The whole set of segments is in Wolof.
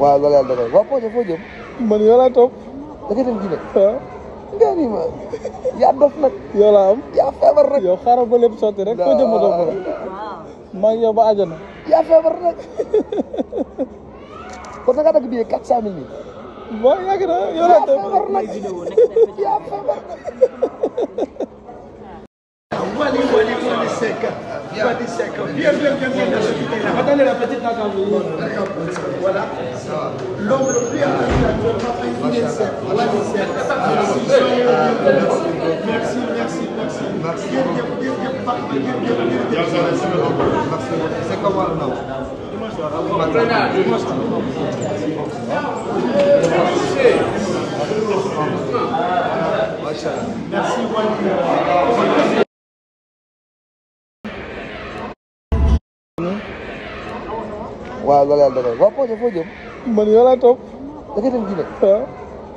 waaw loolu yàlla dogal waaw Pogba foo jëm. man yow laa topp. da ngay dem nga ni ma yaa dof nag. yow yaa feebar rek. yow xaaral ba lépp sotti rek foo jëm ma topp la. maa ngi yow ba àjjana. yaa feebar nag. kon nag cent mille yaa feebar Pas des secs. Bien, bien, bien, bien. Attendez la petite là quand vous. Voilà. L'homme le plus intelligent, pas des secs. Voilà des secs. Merci, merci, merci. Merci. Bien, bien, bien, bien, bien, bien, bien, bien. Merci, merci, merci. C'est comment le nom Merci, Wally. waaw loolu yàlla dogal waaw Poté man yow laa topp. da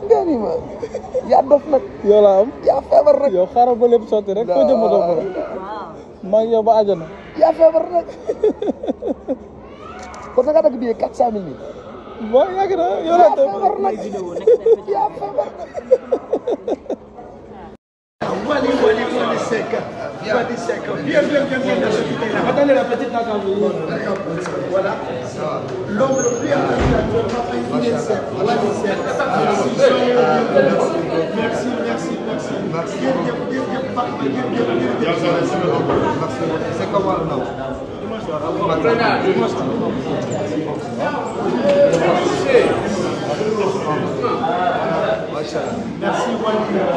nga dem ah. yaa dof nag. yow laa am yaa feebar rek. yow xaaral ba lépp sotti rek foo jëm ba àjjana. yaa feebar nag. kon da ngaa dagg quatre cent mille. waaw yàgg na laa topp. yaa feebar nag yaa feebar Bien, bien, bien, bien. Attendez la petite là quand vous. Voilà. L'homme le plus attendu Merci, merci, merci. Merci. Bien, bien, bien, bien, bien, bien, bien, bien. C'est comment là Merci, Wally.